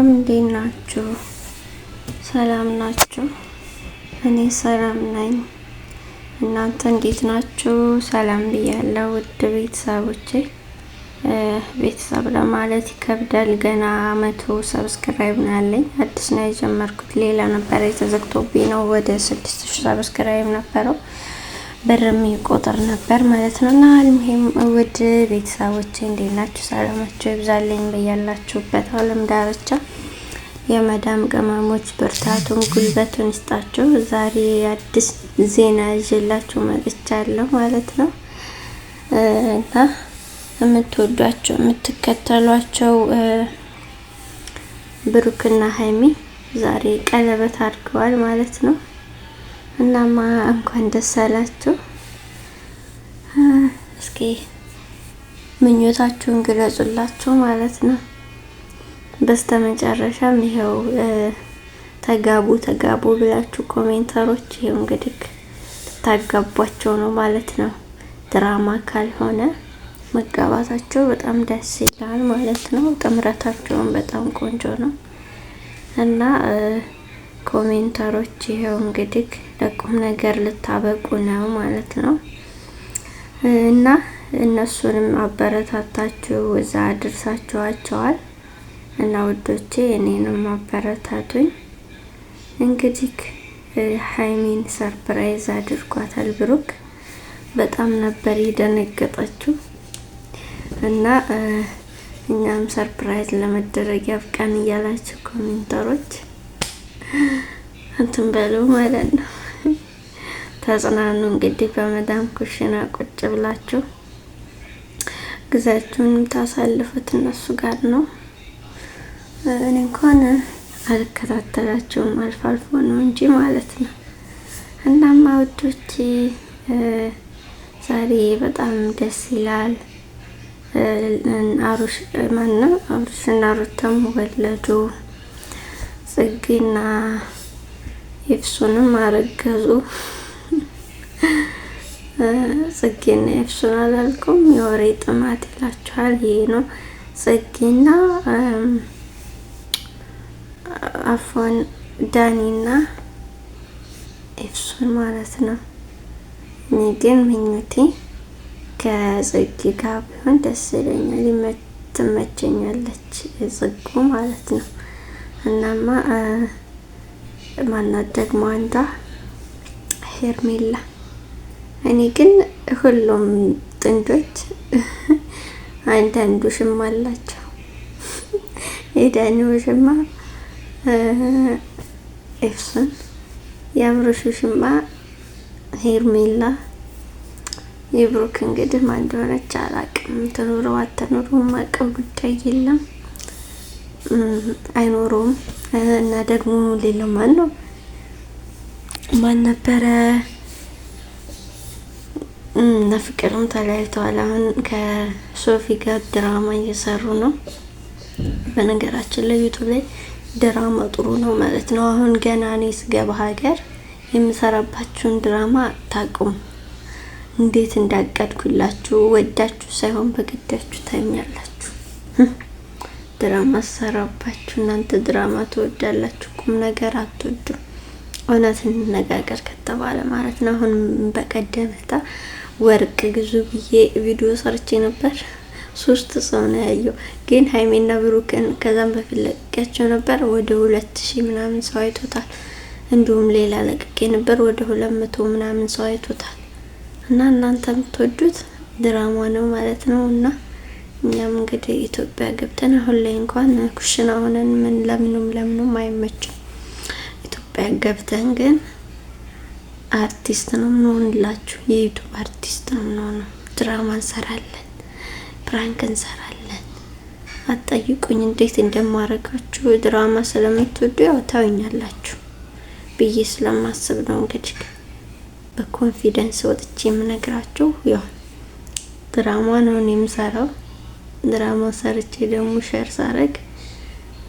ሰላም እንዴት ናችሁ? ሰላም ናችሁ? እኔ ሰላም ነኝ። እናንተ እንዴት ናችሁ? ሰላም ብያለሁ ውድ ቤተሰቦቼ። ቤተሰብ ለማለት ይከብዳል። ገና መቶ ሰብስክራይብ ነው ያለኝ። አዲስ ነው የጀመርኩት። ሌላ ነበረ የተዘግቶብኝ ነው። ወደ ስድስት ሺህ ሰብስክራይብ ነበረው ብር የሚቆጥር ነበር ማለት ነው። እና አልሙሄም ውድ ቤተሰቦቼ እንዴት ናችሁ? ሰላማችሁ ይብዛልኝ በያላችሁበት ዓለም ዳርቻ የመዳም ቅመሞች ብርታቱን ጉልበቱን ይስጣችሁ። ዛሬ አዲስ ዜና ይዤላችሁ መጥቻለሁ ማለት ነው እና የምትወዷቸው የምትከተሏቸው ብሩክና ሀይሚ ዛሬ ቀለበት አድርገዋል ማለት ነው። እናማ እንኳን ደስ አላችሁ። እስኪ ምኞታችሁን ግለጹላችሁ ማለት ነው። በስተመጨረሻም ይኸው ተጋቡ ተጋቡ ብላችሁ ኮሜንተሮች ይኸው እንግዲህ ልታጋቧቸው ነው ማለት ነው። ድራማ ካልሆነ መጋባታቸው በጣም ደስ ይላል ማለት ነው። ጥምረታቸውን በጣም ቆንጆ ነው እና ኮሜንተሮች ይሄው እንግዲህ ለቁም ነገር ልታበቁ ነው ማለት ነው እና እነሱንም አበረታታችሁ እዛ አድርሳችኋቸዋል እና ውዶቼ እኔንም አበረታቱኝ። እንግዲህ ሀይሚን ሰርፕራይዝ አድርጓታል ብሩክ። በጣም ነበር የደነገጠችው እና እኛም ሰርፕራይዝ ለመደረግ ያብቃን እያላችሁ ኮሜንተሮች እንትን በሉ ማለት ነው። ተጽናኑ እንግዲህ በመዳም ኩሽና ቁጭ ብላችሁ ግዛችሁን የምታሳልፉት እነሱ ጋር ነው። እኔ እንኳን አልከታተላቸውም አልፎ አልፎ ነው እንጂ ማለት ነው። እናማ ውዶቼ ዛሬ በጣም ደስ ይላል። አሩሽ ማነው እና ሩተም ወለዱ። ጽጌና ኤፍሱንም አረገዙ። ጽጌና ኤፍሱን አላልኩም። የወሬ ጥማት ይላችኋል። ይሄ ነው ጽጌና አፎን ዳኒና ኤፍሱን ማለት ነው። እኔ ግን ምኞቴ ከጽጌ ጋር ቢሆን ደስ ይለኛል። ትመቸኛለች ጽጌ ማለት ነው። እናማ ማናት ደግሞ አንዷ ሄርሜላ። እኔ ግን ሁሉም ጥንዶች አንዳንዱ ሽማ አላቸው። የዳኒ ውሽማ ኤፍሱን፣ የአምሮሽ ውሽማ ሄርሜላ፣ የብሩክ እንግዲህ ማን እንደሆነች አላቅም። ትኑረው አትኑረው ማቀው ጉዳይ የለም። አይኖረውም። እና ደግሞ ሌላው ማን ነው ማን ነበረ? እና ፍቅርም ተለያይተዋል። አሁን ከሶፊ ጋር ድራማ እየሰሩ ነው። በነገራችን ላይ ዩቱብ ላይ ድራማ ጥሩ ነው ማለት ነው። አሁን ገና እኔ ስገባ ሀገር የምሰራባችሁን ድራማ አታውቁም። እንዴት እንዳቀድኩላችሁ ወዳችሁ ሳይሆን በግዳችሁ ታይኛላችሁ። ድራማ ሰራባችሁ። እናንተ ድራማ ትወዳላችሁ፣ ቁም ነገር አትወዱም። እውነት እንነጋገር ከተባለ ማለት ነው። አሁን በቀደም ዕለት ወርቅ ግዙ ብዬ ቪዲዮ ሰርቼ ነበር። ሶስት ሰው ነው ያየው፣ ግን ሀይሜና ብሩክን ከዛም በፊት ለቅቄያቸው ነበር። ወደ ሁለት ሺህ ምናምን ሰው አይቶታል። እንዲሁም ሌላ ለቅቄ ነበር፣ ወደ ሁለት መቶ ምናምን ሰው አይቶታል። እና እናንተ የምትወዱት ድራማ ነው ማለት ነው እና እኛም እንግዲህ ኢትዮጵያ ገብተን አሁን ላይ እንኳን ኩሽና ሆነን ምን ለምኑም ለምኑም አይመችም። ኢትዮጵያ ገብተን ግን አርቲስት ነው ምንሆንላችሁ፣ የዩቱብ አርቲስት ነው ምንሆነው። ድራማ እንሰራለን፣ ፕራንክ እንሰራለን። አትጠይቁኝ እንዴት እንደማረጋችሁ። ድራማ ስለምትወዱ ያው ታዩኛላችሁ ብዬ ስለማስብ ነው እንግዲህ በኮንፊደንስ ወጥቼ የምነግራችሁ ያው ድራማ ነው የምሰራው። ድራማ ሰርቼ ደግሞ ሸር ሳረግ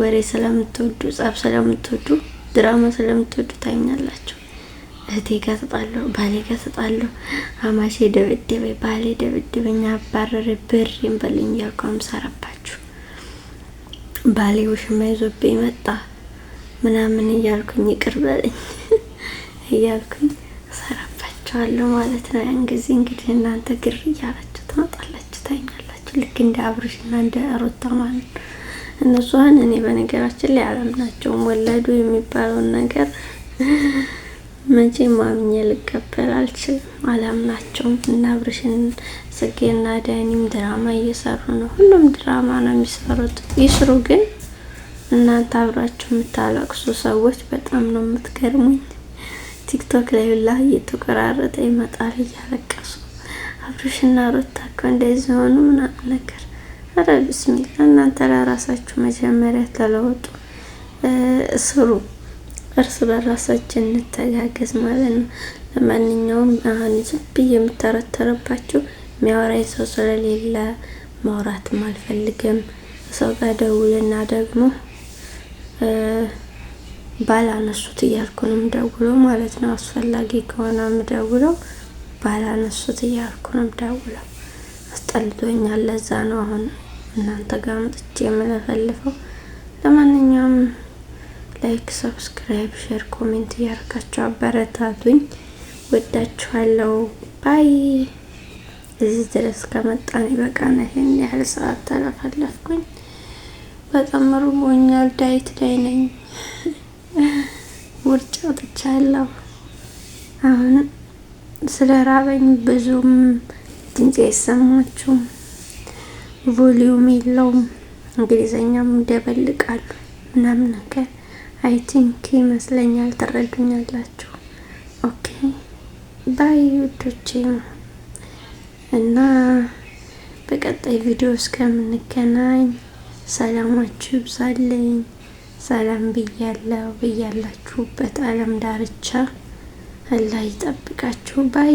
ወሬ ስለምትወዱ ጸብ ስለምትወዱ ድራማ ስለምትወዱ ታይኛላችሁ። እህቴ ጋር ተጣለሁ፣ ባሌ ጋር ተጣለሁ፣ አማሼ ደብድበኝ፣ ባሌ ደብድበኝ፣ አባረረ ብር ይንበልኝ እያልኩ ምሰራባችሁ ባሌ ውሽማ ይዞብኝ መጣ ምናምን እያልኩኝ ይቅር በለኝ እያልኩኝ ማለት ነው። ያን ጊዜ እንግዲህ እናንተ ግር እያላችሁ ትመጣላችሁ ታኛላችሁ። ልክ እንደ አብርሽና እንደ ሩታ ማለት ነው። እኔ በነገራችን ላይ አላምናቸውም። ወለዱ የሚባለውን ነገር መቼም አምኜ ልቀበል አልችልም። አላምናቸውም። እና አብርሽን ጽጌና ዳኒም ድራማ እየሰሩ ነው። ሁሉም ድራማ ነው የሚሰሩት። ይስሩ ግን እናንተ አብራችሁ የምታለቅሱ ሰዎች በጣም ነው የምትገርሙኝ። ቲክቶክ ላይ ሁላ እየተቆራረጠ ይመጣል እያለቀሱ አብርሽና ሩታ እንደዚህ ሆኑ ምናምን ነገር። አረ ብስሚላ እናንተ ለራሳችሁ መጀመሪያ ተለወጡ፣ ስሩ። እርስ በራሳችን እንተጋገዝ ማለት ነው። ለማንኛውም አሁን ዝም ብዬ የምተረተረባችሁ የሚያወራኝ ሰው ስለሌለ ማውራትም አልፈልግም። ሰው ጋር ደውልና ደግሞ ባላነሱት እያልኩ ነው የምደውለው ማለት ነው። አስፈላጊ ከሆነ የምደውለው ባላነሱት እያልኩ ነው የምደውለው። አስጠልቶኛል። ለዛ ነው አሁን እናንተ ጋር መጥቼ የምለፈልፈው። ለማንኛውም ላይክ፣ ሰብስክራይብ፣ ሼር፣ ኮሜንት እያደረጋችሁ አበረታቱኝ። ወዳችኋለሁ። ባይ እዚህ ድረስ ከመጣን በቃና። ይሄን ያህል ሰዓት ተለፈለፍኩኝ። በጣም ርቦኛል። ዳይት ላይ ነኝ። ውርጫ አውጥቻለሁ። አሁን ስለ ራበኝ ብዙም ድምጽ አይሰማችሁም? ቮሊዩም የለውም። እንግሊዘኛም ደበልቃሉ ምናምን ነገር አይ ቲንክ ይመስለኛል ትረዱኛላችሁ። ኦኬ ባይ ውዶቼ እና በቀጣይ ቪዲዮ እስከምንገናኝ ሰላማችሁ ይብዛልኝ። ሰላም ብያለው ብያላችሁበት አለም ዳርቻ አላህ ይጠብቃችሁ ባይ